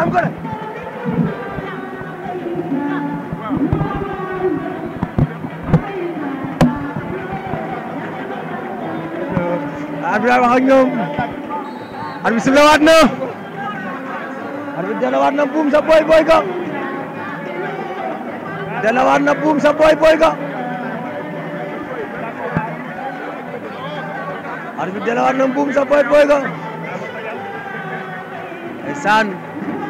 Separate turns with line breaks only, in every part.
am ko ne arbitre wax ak ñoom arbitre sifle waat na arbitre dana waat na buum sa boy boy ga dana waat na buum sa boy boy ga arbitre dana waat na buum sa boy boy ga ay saan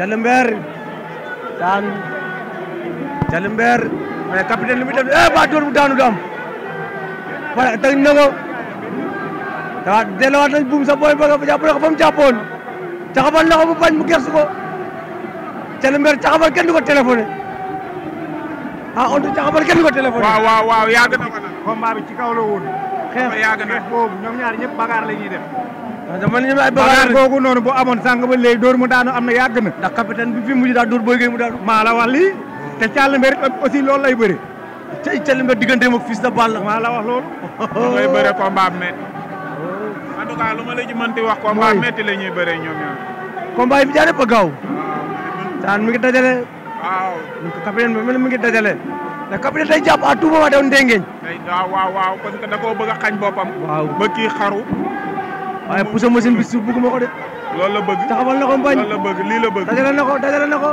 Calimber daan Calimber mais capitaine lu muy def eh mu daanu dam wala teg na ko dafa delluwaat nañ buum sa booy ba nga jàpp na ko fa mu jàppoon taxawal na ko bañ mu gersu ko Calimber taxawal kenn du ko téléphoné
ah on dit kenn du ko ci kaw la woon. xeex Ah, dama ne ay bagaar googu noonu bu amoon sànq ba léegi dóor mu daanu am na yàgg na ndax capitaine bi fi mujj daal dóor booy géey mu daanu maa la wax lii te Thialy Mber aussi
loolu lay bëri te Thialy Mber diggante moom fils de balle maa la wax loolu ngay bëre combat metti en tout cas lu ma la ci mënti wax combat metti la ñuy bëree ñoom ñaar combat
yi mi ngi dajale waaw capitaine bi mi ngi dajale
te capitaine day jàpp à tout waaw waaw waaw parce que da koo bëgg waaye pousse machine bi suuf bëgguma ko de. loolu la bëgg taxawal na ko mbañ
loolu la bëgg lii la bëgg. dajale na ko dajale na ko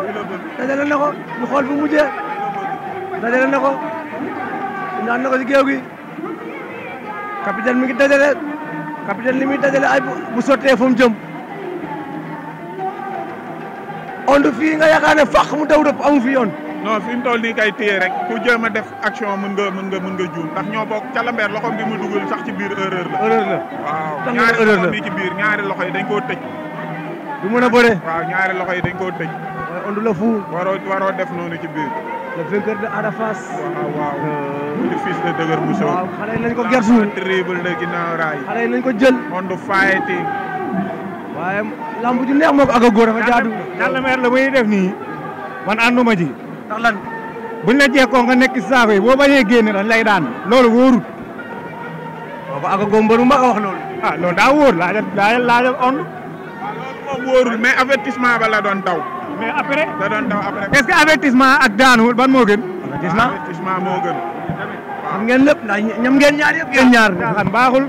dajale na ko ñu xool fu mujjee dajale na ko naan na ko ci géew gi mi ngi dajale capitaine li muy dajale ay bu sottee fu mu jëm.
ond fii nga yaakaar ne fàq mu daw dëpp amu fi yoon. non fi mu toll nii kay téye rek ku jéem a def action mën nga mën nga mën ndax ñoo bokk calambeer loxoom bi mu dugal sax ci biir erreur la. erreur la waaw ñaari loxo biir ñaari loxo yi dañ koo tëj. du mën a bëre. waaw ñaari loxo yi dañ koo tëj. waaw ondu la fu. waroo waroo def noonu ci biir. la vainqueur de Ada Fass. waaw waaw. muy euh, fils de dëgër bu sow. waaw xale yi nañ ko gersu. terrible de ginnaaw raay. xale yi nañ ko jël. ondu faayati. waaye lamb ju neex moo ko ak a góor
dafa jaadu. calambeer la muy def nii man ànduma ji ndax lan buñ la jekkoo nga nekk si saako yi boo bañee génn dañ lay daan loolu wóorut boobu ak gombaru
ma wax loolu ah, daa wóor laajal laajal on wóorul mais avertissement ba la doon daw mais après la doon daw après est-ce que avertissement ak daanu ban moo gën avertissement ñam ngeen ñaar yëpp ngeen ñaar xam baaxul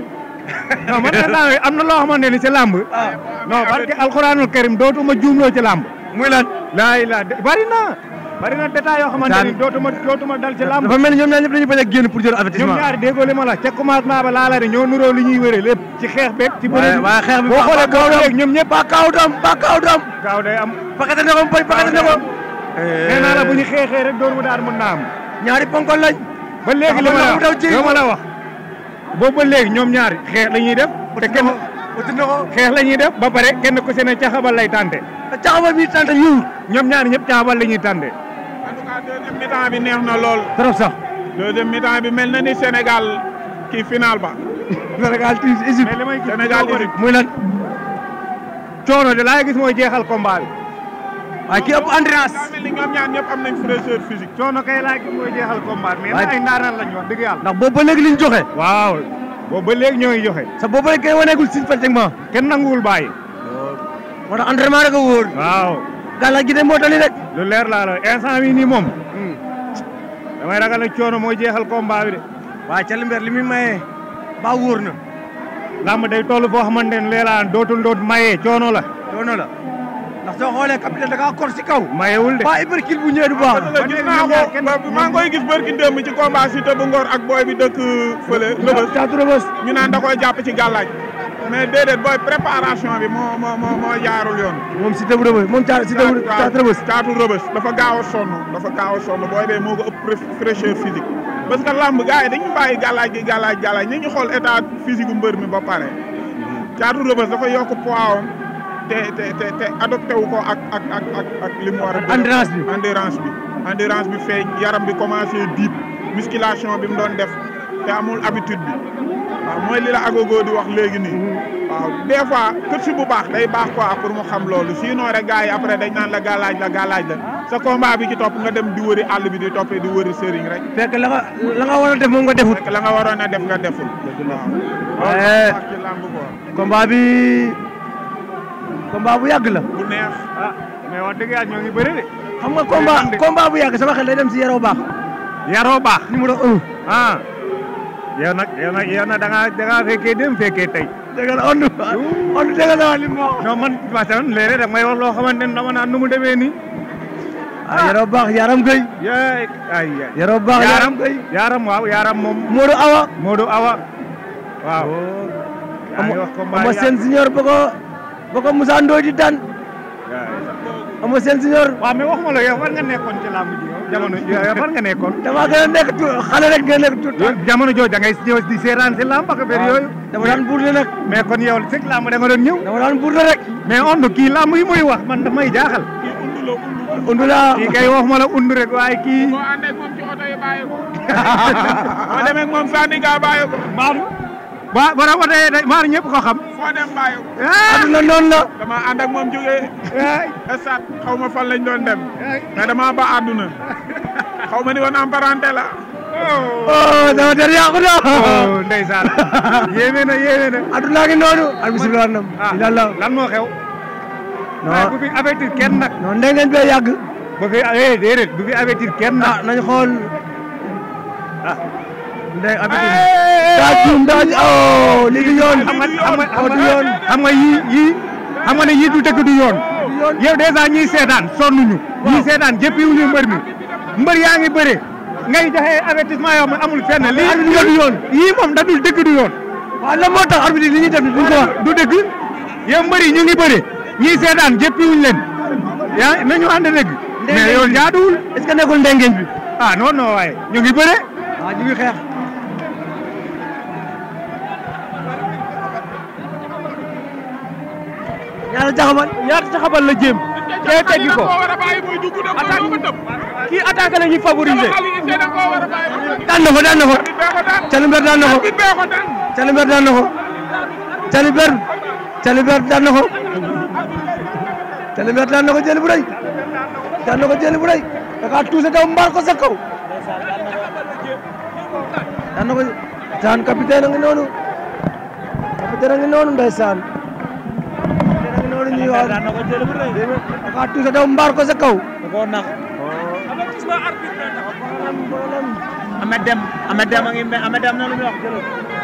non man daal am na loo xamante ni ci làmb ah. non barke alxuraanul karim dootuma juumloo ci làmb muy lan laa ilaa bari na détail yoo xamante ni dootuma dootuma dal ci lamb dafa mel ni ñoom ñaar ñëpp dañuy a génn pour jël avertissement ñoom ñaari déggoo li la ca commencement ba laa la ne ñoo nuroo li ñuy boo xoolee boo ñoom ñëpp ba kaaw dam ba kaaw dam kaaw day am pakate ko boy eh. la ñu xeexee ñaari ponkol lañ ba léegi li ma la wax boobu ba léegi ñoom ñaar xeex la ñuy def
ñaar ñëpp caxabal la ñuy tànte cas ah, deuxième mi-temps bi neex na lool. trop sax. deuxième bi mel na ni Sénégal kii final ba. Sénégal tiis Égypte mais li may gis muy lan coono de laay gis mooy jeexal
combat bi. waaye kii ëpp endurance. ñoom ñaar am nañ fraîcheur physique. coono kay laaj mooy jeexal combat mais nag ay ndaaraan lañ wax dëgg yàlla. ndax boobu ba léegi liñ joxe. waaw boobu ba léegi ñoo ngi joxe. sa boobu ba léegi waneegul si pratiquement. kenn nanguwul bàyyi. moo tax entraînement rek a wóor. waaw. gàllal gi de moo tali rek. leer laa la instant bii nii moom. Hmm. damay ragal ne coono moo jeexal combat bi de. waaye Calimber li muy maye ba wóor na. làmb day toll foo xamante ne leelaan dootul doot maye coono la. coono la
ndax soo xoolee capitaine da kor si kaw. mayewul de waa Iberkil bu ñëwee du baax. maa ngi koy gis barki démb ci combat si te bu ak booy bi dëkk fële. rëbës ñu naan da koy jàpp ci gàllaaj mais déedéet booy préparation bi moo moo moo moo yoon. moom si tëbu rëbës moom caa si tëbu caatu rëbës. caatu dafa gaaw a sonn dafa gaaw a sonn booy bee moo ko ëpp fraîcheur parce que lamb gars yi dañu bàyyi gàllaaj gi gàllaaj gàllaaj ñi ñu xool état physique bu mi ba pare. caatu rëbës dafa yokk poids am te te te adopté wu ko ak ak ak ak ak war bi endurance bi. endurance bi feeñ yaram bi commencé diib musculation bi mu doon def. te amul habitude bi waaw mooy li la Agogo di wax léegi ni waaw des fois kër si bu baax day baax quoi pour mu xam loolu sinon rek gars yi après dañ naan la galaaj la galaaj la sa combat bi ci topp nga dem di wëri àll bi di toppee di wëri sëriñ rek. fekk la nga la nga waroon a def moom nga deful. fekk la nga waroon a def nga deful. waaw eh. ci làmb quoi. combat bi bu yàgg la. bu neex
ah mais wax dëgg yàlla ñoo ngi xam nga combat combat bu yàgg sama xel day dem si yaroo baax. yaroo baax numéro un ah. yow nag yow nag yow fekkee tey. dëgg la on on dëgg la li mu may wax loo xamante ne dama naan nu mu demee nii. Ah, baax yaram gay. yaay baax yaram gay. yaram waaw yaram moom. Modou Awa. Awa waaw. Oh. ama seen senior ba ko ba ko Moussa Ndoye di daan. ama seen jamono fan nga nekkoon. damaa gën a nekk tu xale rek nga nekk tuuti. jamono da ngay ñëw di seeraan si làmb ak affaire yooyu. dama daan buurde nag. mais kon yow sëg làmb da nga doon ñëw. dama daan buurde rek. mais ond kii làmb yi muy wax man daf may jaaxal.
undu la kii kay
wax ma la undu rek waaye kii. boo
ànd moom ci oto yi bàyyi ko. ba ba oto yee day maanaam ñëpp ko xam. foo dem bàyyi ko. Eh. la. dama ànd ak moom jógee. Eh. esat xaw ma fan lañ doon dem. Eh. mais dama ba àdduna. xaw ni woon am parenté la. oh dama der yàqu na. oh ndeysaan. yéeme na
yéeme na. aduna ngi noonu. alhamdulilah nam. ah lan moo xew. non waaye fi avertir kenn nag. non ah, xool ah. ndey abidin daa juum daa oh lii du yoon xam nga xam nga yii yii xam nga ne yii du dëkk du yoon yow dèjà ñiy seetaan sonnuñu ñiy seetaan jëppiwuñu mbër mi mbër yaa ngi bëre ngay joxe avertissement yow man amul fenn lii du yoon yii moom da dul dëkk du yoon waaw lan moo tax arbitre li ñuy def duñ ko wax du yow mbër yi ñu ngi bëre ñiy seetaan jëppiwuñu leen yaa nañu ànd dëgg mais yow jaaduwul est-ce que nekkul ndengeñ bi ah non non waaye ñu ngi yàlla jaxabal yàlla jaxabal la jéem. kee teggi ko attaque kii attaque la
ñuy favoriser.
daan na ko daan na ko.
Calimber daan na ko. Calimber daan na ko. Calimber Calimber daan na ko. Calimber daan na ko jëli bu rëy. daan na ko jëli bu rëy. da kaa tuuse daw mbaar ko sa kaw. daan na ko daan capitaine a ngi noonu capitaine a ngi noonu ndeysaan ñuy wax dafa tuuti daw mbaar ko sa kaw. da koo nax.
Amed Deme Amed Deme a ngi Amed Deme na lu muy wax jëlal